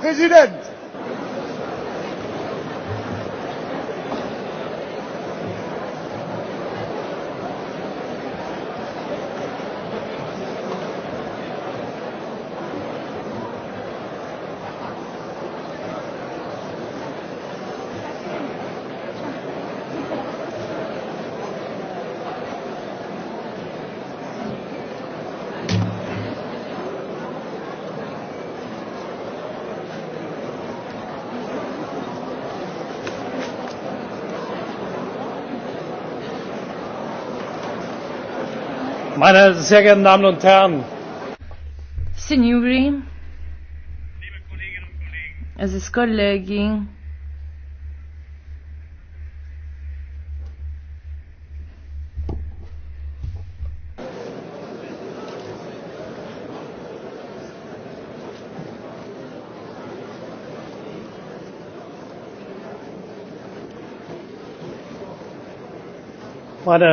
President! Meine sehr geehrten Damen und Herren, Signori, Aziz kollegi, Meine